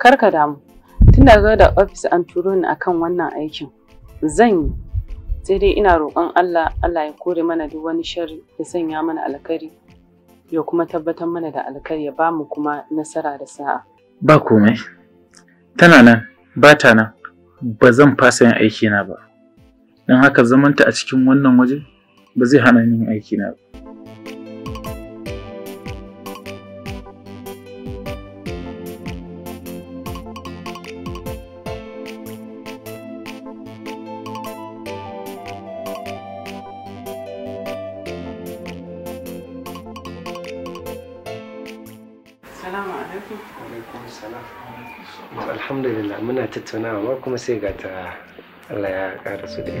Kar ka damu. Tun daga da ofis an turo ni akan wannan aikin. Zan yi. Sai dai ina roƙon Allah Allah ya kore mana duk wani sharri ya sanya mana alkhairi ya kuma tabbatar mana da alkhairi ya bamu kuma nasara da sa'a. Ba komai. Tana nan, ba ta nan. Ba zan fasa yin na ba. Don haka zamanta a cikin wannan waje ba zai hana yin aikina ba. to alhamdulillah muna tattaunawa kuma sai ga ta Allah ya ƙara su da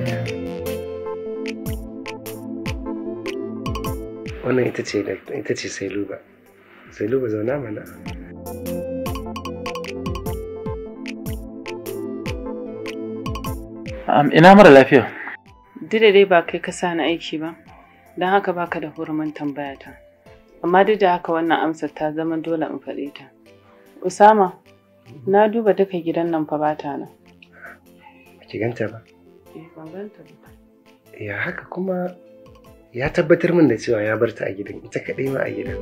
ina mara lafiya. Dida dai ba kai ka sani aiki ba, don haka baka da hurumin tambayata. Amma duk da haka wannan amsar ta zama dole in faɗe ta. Usama, na duba duka gidan nan fa bata nan. Ba ki ganta ba? Eh, ganta ba. Ya haka kuma ya tabbatar min da cewa ya bar ta a gidan, ita kaɗai ma a gidan.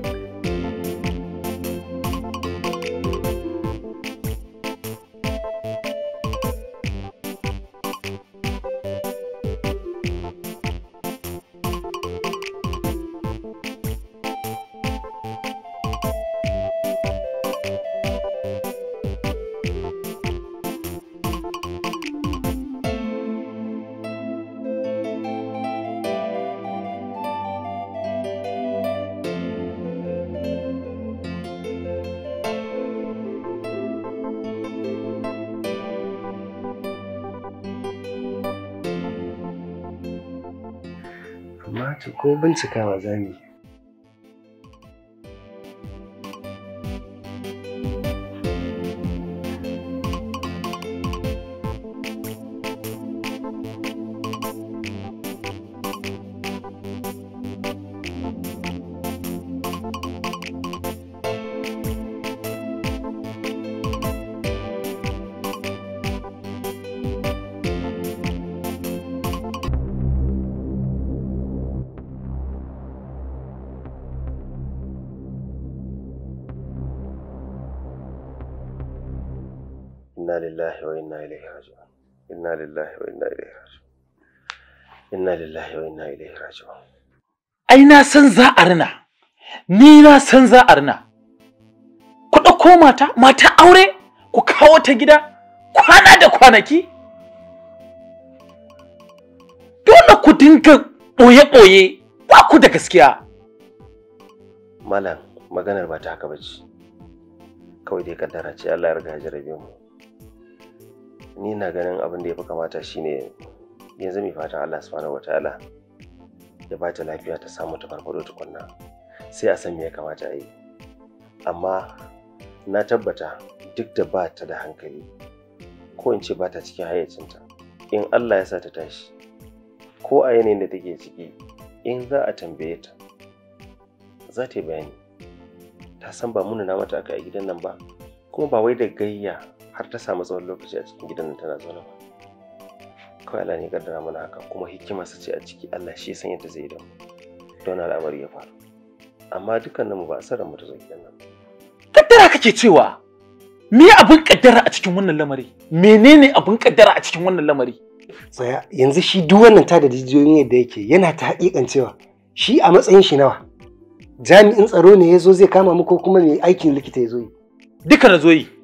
kamata ko bincikawa za mu yi lillahi wa inna ilaihi raji'un inna lillahi wa inna ilaihi raji'un inna lillahi wa inna ilaihi raji'un ai na san za a rina ni na san za a rina ku ɗauko mata mata aure ku kawo ta gida kwana da kwanaki dole ku dinga ɓoye-ɓoye ba ku da gaskiya malam maganar ba ta haka bace, kawai dai kaddara ce Allah ya riga ya mu ni na ganin abin da ya fi kamata shine yanzu mai fatan Allah subhanahu wataala ya ba ta lafiya ta samu ta farfado tukunna sai a san me ya kamata a yi amma na tabbata duk da ba ta da hankali ko in ce ba ta cikin hayyacinta in Allah ya sa ta tashi ko a yanayin da take ciki in za a tambaye ta za ta yi bayani ta san ba na mata aka a gidan nan ba kuma ba wai da gayya har ta samu tsawon lokaci a cikin gidan tana zaune ba kawai Allah ne kaddara mana haka kuma hikima su ce a ciki Allah shi san yadda zai yi da mu don al'amari ya faru amma dukkaninmu ba a sarar mu ta gidan nan kaddara kake cewa me abin kaddara a cikin wannan lamari menene abin kaddara a cikin wannan lamari tsaya yanzu shi duk wannan ta da jijiyoyin yadda yake yana ta hakikan cewa shi a matsayin shi nawa jami'in tsaro ne ya zo zai kama mu ko kuma mai aikin likita ya zo yi duka na zo yi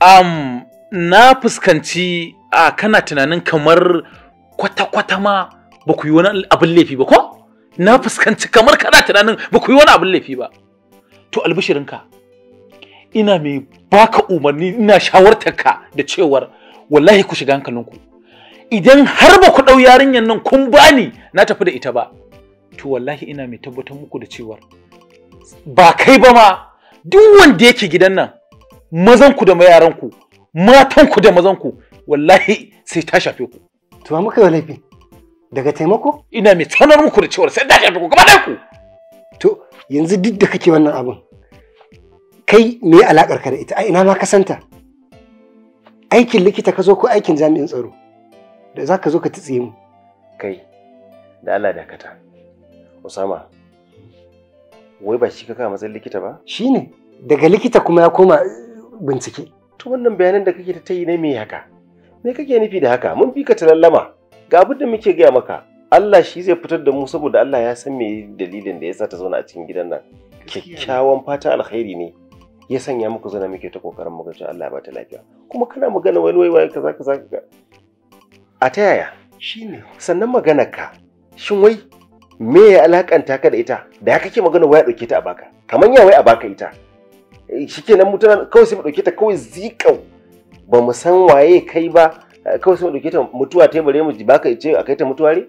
um, na fuskanci a kana tunanin kamar kwata-kwata ma ba ku yi wani abin laifi ba ko na fuskanci kamar kana tunanin ba ku yi wani abin laifi ba to albishirinka ina mai baka umarni ina shawartarka da cewar wallahi ku shiga hankalinku idan har ba ku ɗau yarinyar nan kun ba ni, na tafi da ita ba to wallahi ina mai tabbatar muku da cewar ba kai ba ma duk wanda yake gidan nan mazanku da mayaranku, matanku da mazanku wallahi sai ta shafe ku to muka yi laifi daga taimako ina mai tsanar muku da cewar sai ta shafe ku gaba ku to yanzu duk da kake wannan abin kai me alakar ka da ita a ina ma ka santa aikin likita ka zo ko aikin jami'in tsaro da za ka zo ka tsiye mu kai da Allah dakata Usama wai ba shi ka kama matsayin likita ba shine daga likita kuma ya koma bincike to wannan bayanan da kake ta yi ne me haka me kake nufi da haka mun bi ka ta lallama ga abin da muke gaya maka Allah shi zai fitar da mu saboda Allah ya san me dalilin da ya sa ta zauna a cikin gidan nan kyakkyawan fatan alkhairi ne ya sanya muku zana muke ta kokarin mu ga Allah ya bata lafiya kuma kana magana wani wai wai kaza kaza kaza a ta yaya shine sannan magana ka shin wai me ya alakanta ka da ita da ya kake magana wai a dauke ta a baka kamar ya wai a baka ita Eh, shikenan mutuna kawai sai mu dauke ta kawai zikau ba mu san waye kai ba eh, kawai sai mu dauke ta mutuwa ta bare mu baka ce a kai ta mutuware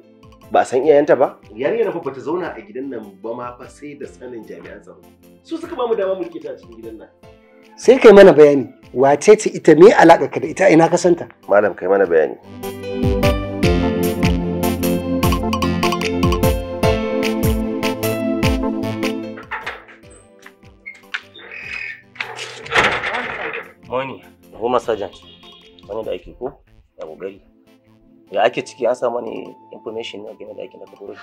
ba a san iyayenta ba na fa bata zauna a gidan nan ba ma fa sai da sanin jami'an tsaro su suka ba mu dama mu rike a cikin gidan nan sai kai mana bayani wace ce ita me alaka ka da ita ina ka santa malam kai mana bayani sergeant wani da ake ko da kokari ya ake ciki an samu ne information ne game da aikin da ka dora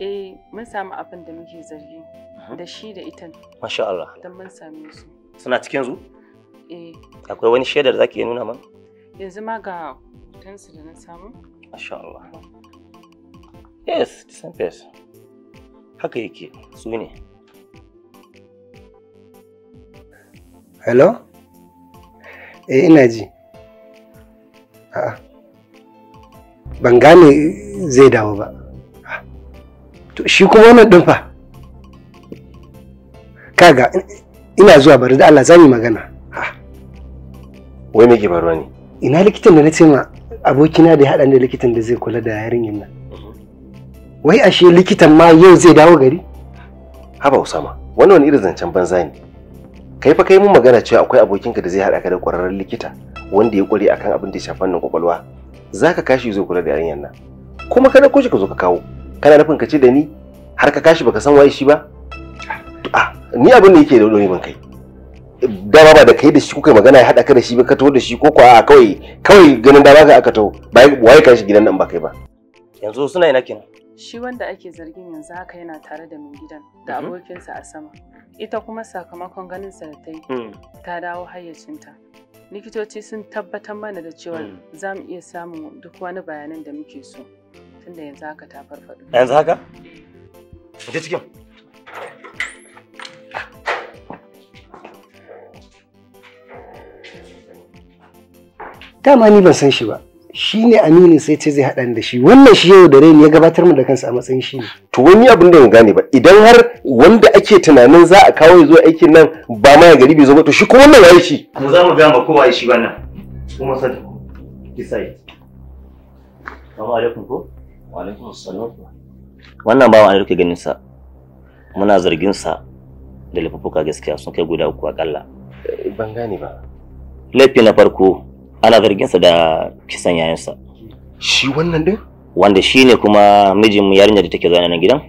eh mun samu abin da muke zargi mhm. da shi da ita masha Allah dan mun same su suna cikin zu eh akwai wani shaidar da zaki iya nuna mana yanzu ma ga hotonsu da na samu masha Allah yes the same person haka yake su ne hello eh ina ji a'a ban gane zai dawo ba to shi kuma wannan din fa kaga ina zuwa bari da Allah yi magana wai me ke faruwa ne ina likitan da na ce ma abokina da ya haɗa da likitan da zai kula da yarinyar nan mm-hmm. wai ashe likitan ma yau zai dawo gari haba usama wannan wani irin zancen banza ne kai fa kai mun magana cewa akwai abokinka da zai haɗa ka da ƙwararren likita wanda ya ƙware akan abin da ya shafi fannin ƙwaƙwalwa. za ka kashi zo kula da yarinyar nan kuma kana ko ka zo ka kawo kana nufin ka ce da ni har ka kashi baka san waye shi ba a ah, ni abin da yake da dole ban kai Da ba da kai da shi kuka magana ya haɗa ka da shi ba ka taho da shi ko kuwa kawai kawai ganin da ka aka taho ba waye kashi gidan nan ba kai ba yanzu suna ina kin shi wanda ake zargin yanzu haka yana tare da mai gidan da mhm. abokinsa a sama ita kuma sakamakon ganin sa ta hmm. ta dawo hayyacinta likitoci sun tabbatar mana da cewa hmm. za mu iya samun duk wani bayanan da muke so tunda yanzu haka ta farfado. yanzu haka ta cikin dama ni ban san shi ba shi ne aminin sai ce zai haɗan da shi wannan shi yau da ne ya gabatar mu da kansa a matsayin shi ne. to wani abin da gane ba idan har wanda ake tunanin za a kawo zuwa aikin nan ba ma ya gari bai zo ba to shi kuma wannan yi shi mu za mu ga ba kowa shi wannan kuma sai decide assalamu alaikum ko wa alaikum assalam wannan ba an alaikum ganin sa muna zargin sa da lafafuka gaskiya sun kai guda uku akalla eh, ban gane ba laifi na farko ana zarginsa da kisan yayansa shi wannan din wanda shi ne kuma mijin mu yarinya da take zaune nan gidan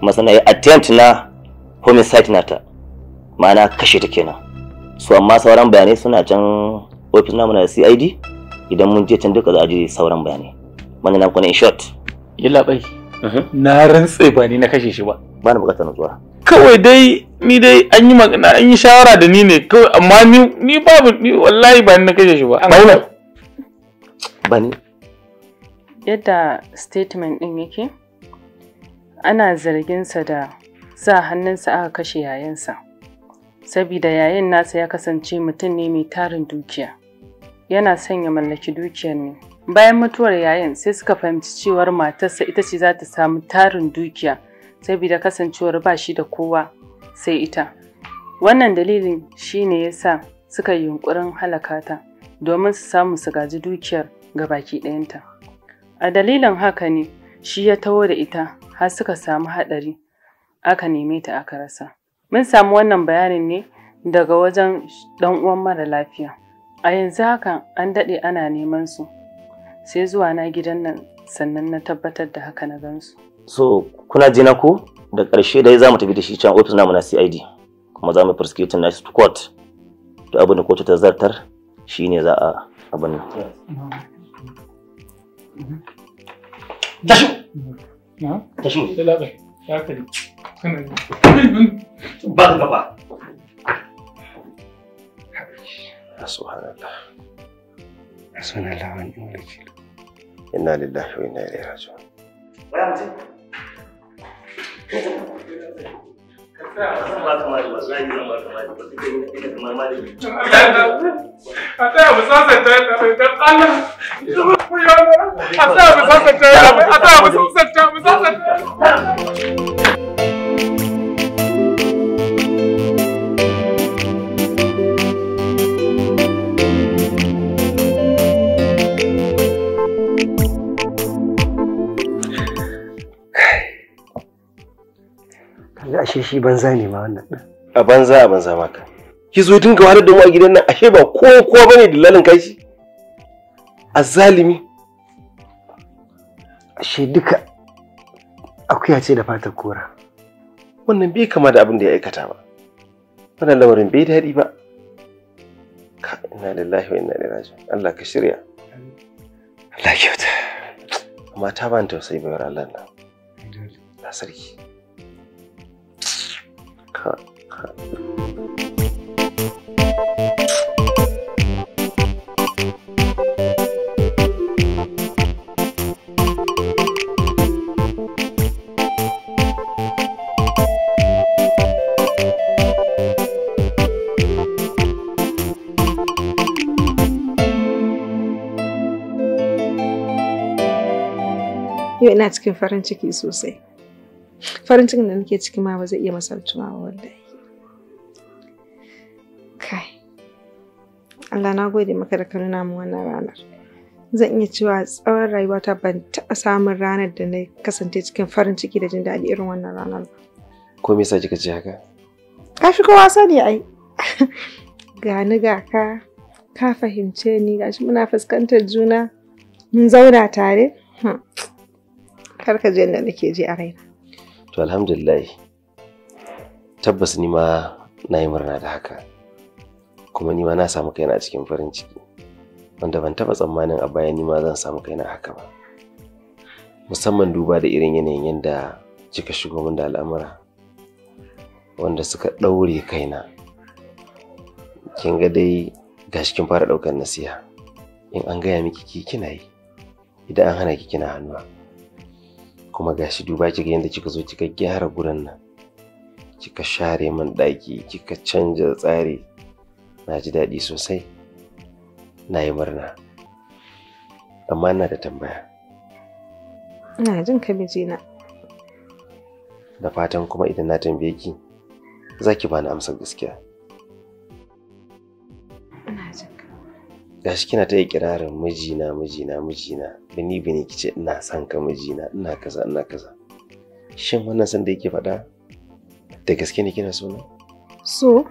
masana ya attempt na homicide nata ma'ana kashe ta kenan su amma sauran bayanai suna can ofis namu na CID idan mun je can duka za a ji sauran bayanai wannan na kuna in short yalla bai na rantse ba ni na kashe shi ba ba na bukatar nutsuwa kawai dai ni dai an yi magana an yi shawara da ni ne kawai amma ni ni babu ni wallahi ba ni na kashe shi ba ba ni yadda statement din yake ana zarginsa da sa hannunsa aka kashe yayansa saboda yayin nasa ya kasance mutum ne mai tarin dukiya yana son ya mallaki dukiyar ne bayan mutuwar yayin sai suka fahimci cewar matarsa ita ce za ta samu tarin dukiya saboda kasancewar ba shi da kowa sai ita. Wannan dalilin shi ne ya sa suka yi yunƙurin halaka ta domin su samu su gaji dukiyar ga baki ɗayanta. A dalilin haka ne shi ya taho da ita har suka samu haɗari aka neme ta aka rasa. Mun samu wannan bayanin ne daga wajen ɗan uwan mara lafiya. A yanzu haka an daɗe ana neman su sai zuwa na gidan nan sannan na tabbatar da haka na gansu. so kuna jina ku da ƙarshe dai za mu tafi da shi can ofis namu na CID kuma za mu prosecute na court to abin da kotu ta zartar shine za a abin nan tashi tashi ba ka gaba Asuhanallah. Asuhanallah lillahi wa ilaihi A tsaya mu sasanta yadda mai dan Allah. A tsaya mu sasanta yadda mai, a tsaya mu sasanta, mu sasanta. shi banza ne ma wannan din a banza a banza maka ki zo dinga wani da mu a gidan nan ashe ba ko kowa bane dillalin kai shi azzalimi ashe duka akuya ce da fatar kora wannan bai kama da abin da ya aikata ba wannan lamarin bai daɗi ba ka inna lillahi wa inna ilaihi raji'un Allah ka shirya Allah kyauta amma ta ban tausayi bayar Allah na sarki Yau ina cikin farin ciki sosai. farin cikin da nake ciki ma ba zai iya misaltuwa ba wallahi kai Allah na gode maka da ka nuna mu wannan ranar zan iya cewa tsawon rayuwata ban taɓa samun ranar da na kasance cikin farin ciki da jin daɗi irin wannan ranar ba ko me yasa kika ce haka ka fi kowa sani ai ga ni ga ka ka fahimce ni Ga shi muna fuskantar juna mun zauna tare hmm. kar ka je da nake ji a raina to alhamdulillah tabbas ni ma na yi murna da haka kuma ni ma na samu kaina a cikin farin ciki wanda ban taɓa tsammanin a baya ni ma zan samu kaina a haka ba musamman duba da irin yanayin yadda kika shigo min da al'amura wanda suka ɗaure kaina kin ga dai gashi kin fara ɗaukar nasiha in an gaya miki ki kina yi idan an hana ki kina hannuwa kuma gashi duba kika yadda kika zo kika gyara gurin nan kika share min daki, kika canja tsari na ji daɗi sosai na yi murna amma ina da tambaya ina jin ka mijina da fatan kuma idan na tambaye ki za ki bani amsar gaskiya gashi kina ta ikirarin mijina mijina mijina bini bini kice ina son ka mijina ina kaza ina kaza shin wannan san da yake faɗa da gaske ne kina so ne so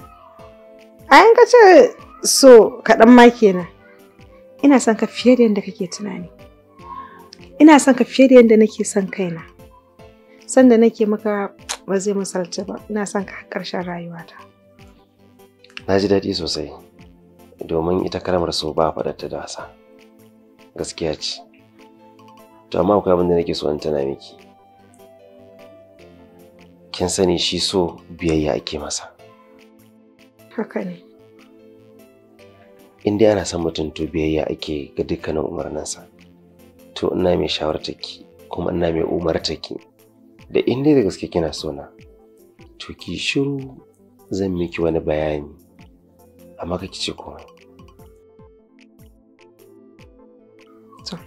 ayan ka ce so kaɗan ma kenan ina son ka fiye da yadda kake tunani ina son ka fiye da yadda nake son kaina da nake maka ba zai misalci ba ina son ka ƙarshen rayuwata na ji daɗi sosai domin ita kalmar so ba faɗar ta dasa gaskiya ce to amma akwai abinda da nake so in tana miki kin sani shi so biyayya ake masa haka ne in dai ana son mutum to biyayya ake ga dukkanin umarninsa to ina mai ki kuma ina mai ki da in dai da gaske kina so na to ki shiru zan miki wani bayani amma kake ce komai to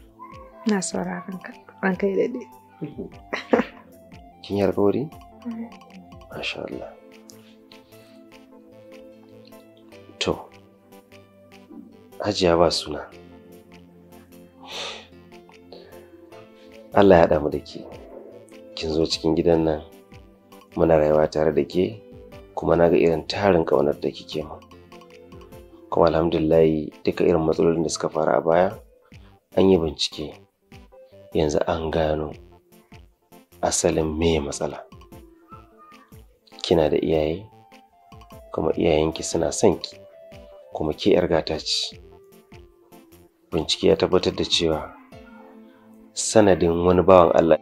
na sauraron ka kai da dai kin yi masha Allah to hajiya ba suna Allah ya haɗa mu da ke kin zo cikin gidan nan muna rayuwa tare da ke kuma na ga irin tarin ƙaunar da kike mu kuma alhamdulillahi duka irin matsalolin da suka fara a baya an yi bincike yanzu an gano asalin me matsala kina da iyaye kuma iyayenki suna son ki kuma ke yar gata ce bincike ya tabbatar da cewa sanadin wani bawan Allah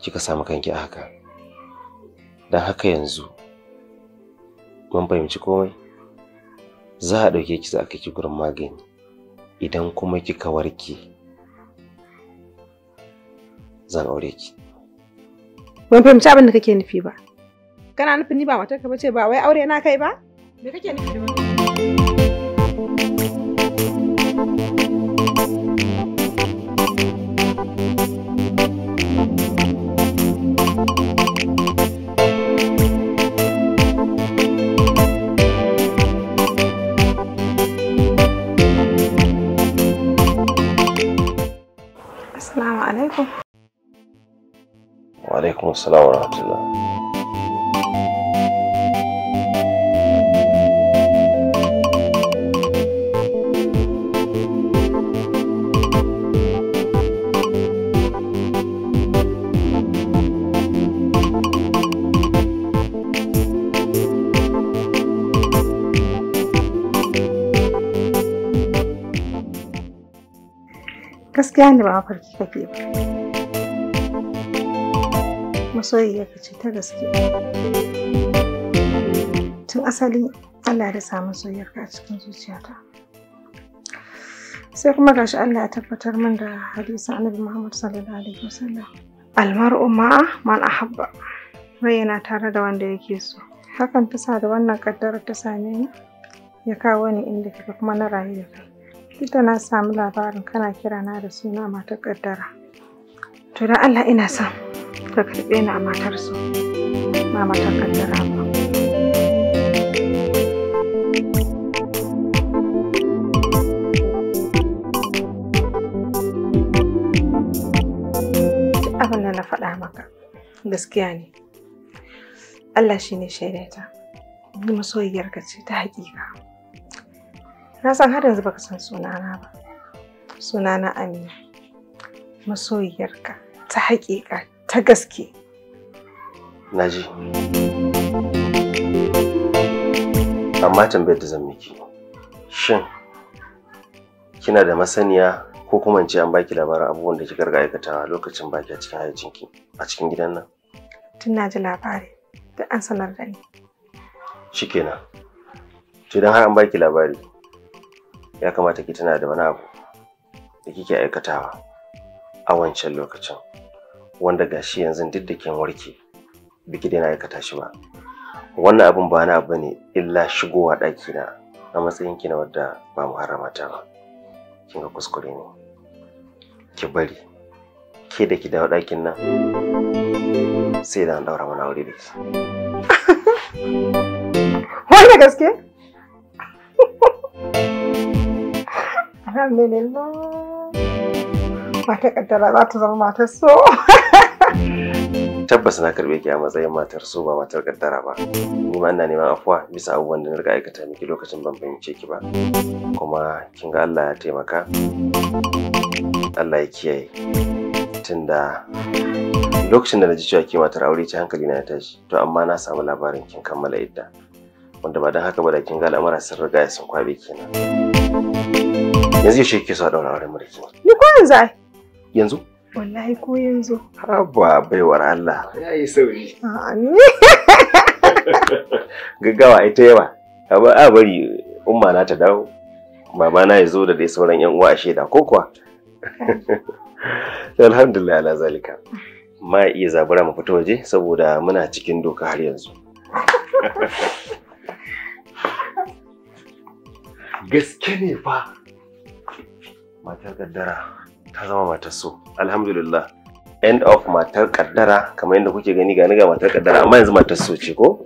kika samu kanki a haka don haka yanzu kun fahimci komai za a ɗauke ki za a kai gurin magani idan kuma kika warke zan aure ki ban fahimci abin da kake nufi ba kana nufin ni ba matarka bace ba wai aure na kai ba me kake nufi assalamu rahmatullah gaskiya ne ba mafarki kake ba masoyiya ka ce ta gaske tun asali Allah da samu soyayyarka a cikin zuciyata sai kuma gashi Allah ya tabbatar min da hadisin Annabi Muhammad sallallahu alaihi wasallam almar'u ma'a man ahabba wai yana tare da wanda yake so hakan ta sa da wannan kaddarar ta same ni ya kawo ni inda kika kuma na rayu da kai duk da na samu labarin kana kira na da suna matar kaddara to da Allah ina son suka karbe ni a matarsu mama ta kaddara ba abin da na faɗa maka gaskiya ne Allah shi ne shaidaita ni masoyiyarka ce ta haƙiƙa na san har yanzu baka san sunana ba sunana amina masoyiyarka ta haƙiƙa ta gaske. Naji. Amma tambayar da zan miki. Shin kina da masaniya ko kuma in ce an baki labarin abubuwan da kika riga aikatawa lokacin baki a cikin hayacinki a cikin gidan nan? Tun na ji labari da an sanar da ni. Shikenan. To idan har an baki labari ya kamata ki tana da wani abu da kike aikatawa a wancan lokacin. wanda gashi yanzu duk da kin warke biki na aikata shi ba wannan abin ba na bane illa shigowa ɗaki na a matsayin ki na wadda ba mu ta ba kin ga kuskure ne ki bari ke da ki dawo ɗakin nan sai da an daura mana aure da ki wanda gaske alhamdulillah wata kaddara za ta zama mata so tabbas na karbe ki a matsayin matar so ba matar kaddara ba ni ma ina neman afuwa bisa abubuwan da na riga aikata miki lokacin ban fahimce ki ba kuma kin ga Allah ya taimaka Allah ya kiyaye tunda lokacin da na ji cewa ke matar aure ce hankali na ya tashi to amma na samu labarin kin kammala idda wanda ba don haka ba da kin ga al'amura sun riga sun kwabe kenan yanzu yaushe kike so a daura auren mulki ni ko yanzu yanzu Wallahi ko yanzu. Haba baiwar Allah ya yi sauri. Gaggawa ita yawa. Abu a bari umma na ta dawo. Baba na ya zo da dai sauran yan uwa a shaida ko kuwa. Alhamdulillah ala zalika. Ma iya zabura mu fito waje saboda muna cikin doka har yanzu. Gaske ne fa matar gaddara. ta zama matar so alhamdulillah end of matar kaddara kamar yadda kuke gani gani ga matar kaddara amma yanzu matar so ce ko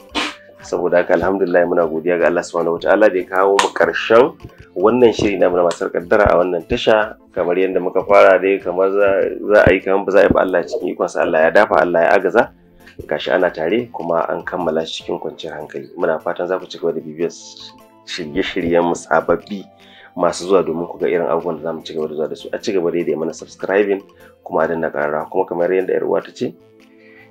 saboda haka alhamdulillah muna godiya ga Allah subhanahu wataala da ya kawo mu karshen wannan shiri na muna matar kaddara a wannan tasha kamar yadda muka fara dai kamar za a yi kamar ba za a yi ba Allah cikin sa Allah ya dafa Allah ya agaza gashi ana tare kuma an kammala cikin kwanciyar hankali muna fatan za ku ci gaba da bibiyar shirye-shiryen mu sababbi masu zuwa domin ku ga irin abubuwan da zamu ci gaba da zuwa da su a ci gaba dai mana subscribing kuma a danna karara kuma kamar yadda yar uwa ta ce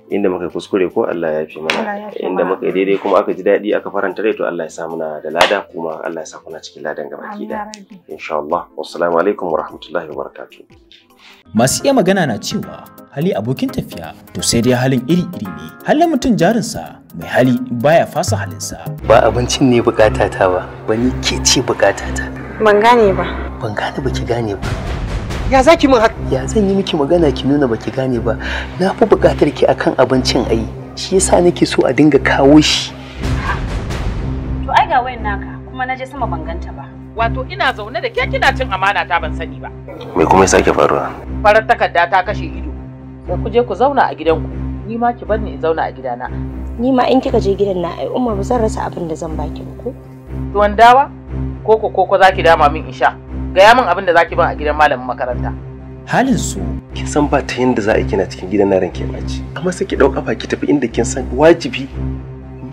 inda muka kuskure ko Allah ya fi mana inda muka yi daidai kuma aka ji daɗi aka faranta rai to Allah ya sa muna da lada kuma Allah ya sa kuna cikin ladan gaba ki da insha Allah assalamu alaikum wa rahmatullahi wa masu iya magana na cewa hali abokin tafiya to sai dai halin iri-iri ne halin mutum sa mai hali baya fasa halinsa ba abincin ne bukata ta ba wani ke ce bukata ta Ban gane ba. Ban gane ba gane ba. Ya za ki min haka? Ya zan yi miki magana ki nuna baki gane ba. Na fi buƙatar ki akan abincin ai. Shi yasa nake so a dinga kawo shi. To ai ga wayan naka kuma na sama ban ganta ba. Wato ina zaune da ke kina cin amana ta ban sani ba. Me kuma ya sake faruwa? Farar takarda ta kashe ido. Sai ku je ku zauna a gidanku. Ni ma ki bar ni in zauna a gidana. Ni ma in kika je gidan na ai Umar ba zan rasa abin da zan baki ba ko? Tuwon dawa? koko koko zaki dama min in sha gaya min abin da zaki ban a gidan malamin makaranta halin su kin san ba ta yanda za a kina cikin gidan na ranke baci kamar sai ki dau ba ki tafi inda kin san wajibi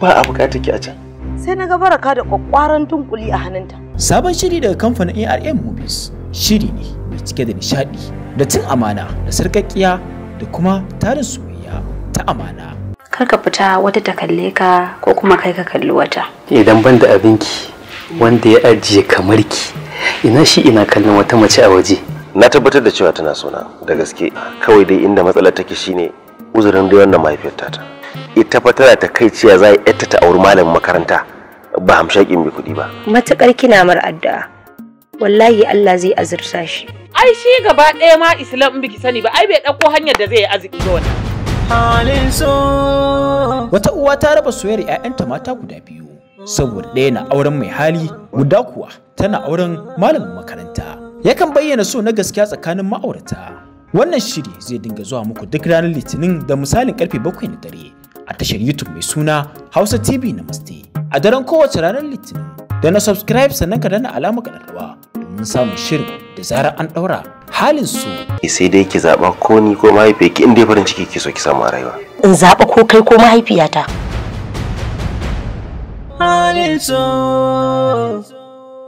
ba a bukata ki a can sai na ga baraka da kwakwaran tunkuli a hannunta sabon shiri daga kamfanin ARM Movies shiri ne mai cike da nishaɗi, da cin amana da sarkakkiya da kuma tarin soyayya ta amana kar ka fita wata ta kalle ka ko kuma kai ka kalli wata idan ban da abinki wanda ya ajiye kamar ki ina shi ina kallon wata mace a waje na tabbatar da cewa tana sona da gaske kawai dai inda matsalar take shine uzurin da wannan mahaifiyar tata ita fa tana ta kai ciya za ta ta auri malamin makaranta ba hamshakin mai kuɗi ba matukar kina mar addu'a wallahi Allah zai azurta shi ai shi gaba ɗaya ma islam in biki sani ba ai bai ɗauko hanyar da zai yi arziki ga wannan halin so wata uwa ta raba soyayyar 'ya'yanta mata guda biyu saboda ɗaya na auren mai hali guda kuwa tana auren malamin makaranta yakan bayyana so na gaskiya tsakanin ma'aurata wannan shiri zai dinga zuwa muku duk ranar litinin da misalin karfe bakwai na dare a tashar youtube mai suna hausa tv na namaste a daren kowace ranar litinin da na subscribe sannan ka dana alamar kararrawa domin samun shirin da zarar an ɗaura halin su eh, sai dai ki zaɓa ko ni ko mahaifiyarki in dai farin ciki ki so ki samu a rayuwa in zaɓa ko kai ko mahaifiyata halin so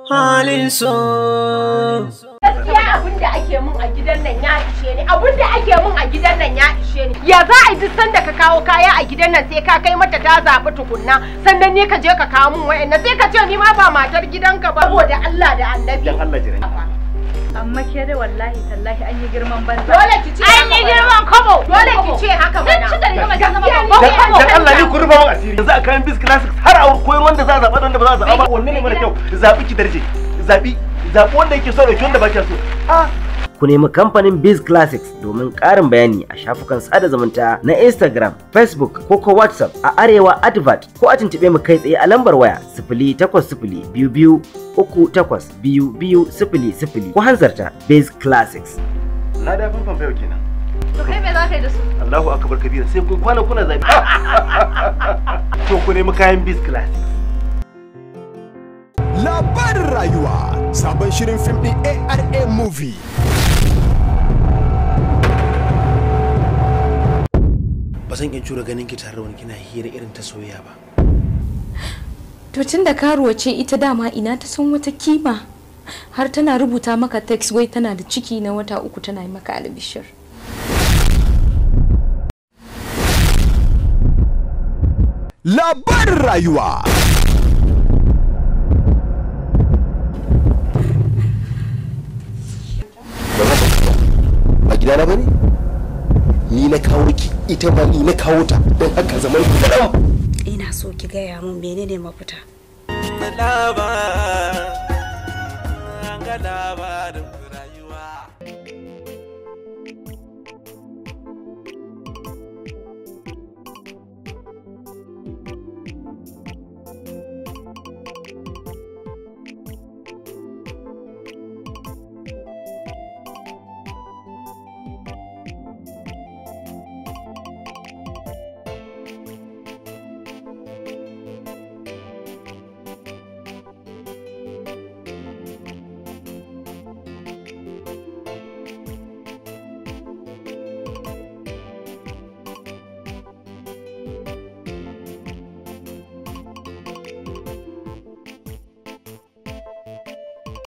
halin so gaskiya abin da ake mun a gidan nan ya ishe ni abin da ake mun a gidan nan ya ishe ni ya za a yi duk sanda ka kawo kaya a gidan nan sai ka kai mata ta zaɓi tukunna sannan ne ka je ka kawo mun wa'annan sai ka ce ni ma ba matar gidanka ba saboda Allah da Annabi dan Allah amma ke dai wallahi tallahi an yi girman banza dole ki ce an yi girman kobo dole ki ce haka mana sun ci da rigama ta zama babban kobo dan Allah ne ku ruba mu asiri yanzu a kan bis classics har a koyar wanda za a zaba wanda ba za a zaba ba wanne ne mara kyau zabi ki darje zabi zabi wanda yake so da wanda ba ki so ah ku nemi kamfanin Biz Classics domin ƙarin bayani a shafukan sada zumunta na Instagram, Facebook ko ko WhatsApp a Arewa Advert ko a tuntuɓe mu kai tsaye a lambar waya 0800 takwas sifili biyu ko hanzarta Biz Classics. Na da fanfan fayo kenan. To kai me za ka yi da su? Allahu akbar kabira sai kun kwana kuna zabi. To ku nemi kayan Biz Classics. Labarin rayuwa sabon shirin fim ɗin ARA movie. ba san kin cura ganin ki tare wani kina hira irin ta soyayya ba to tun da karuwa ce ita dama ina ta san wata kima har tana rubuta maka text wai tana da ciki na wata uku tana yi maka albishir labar rayuwa ni na kawo ki ita ba ni na kawo ta don haka zaman ku ina so ki gaya mun menene mafita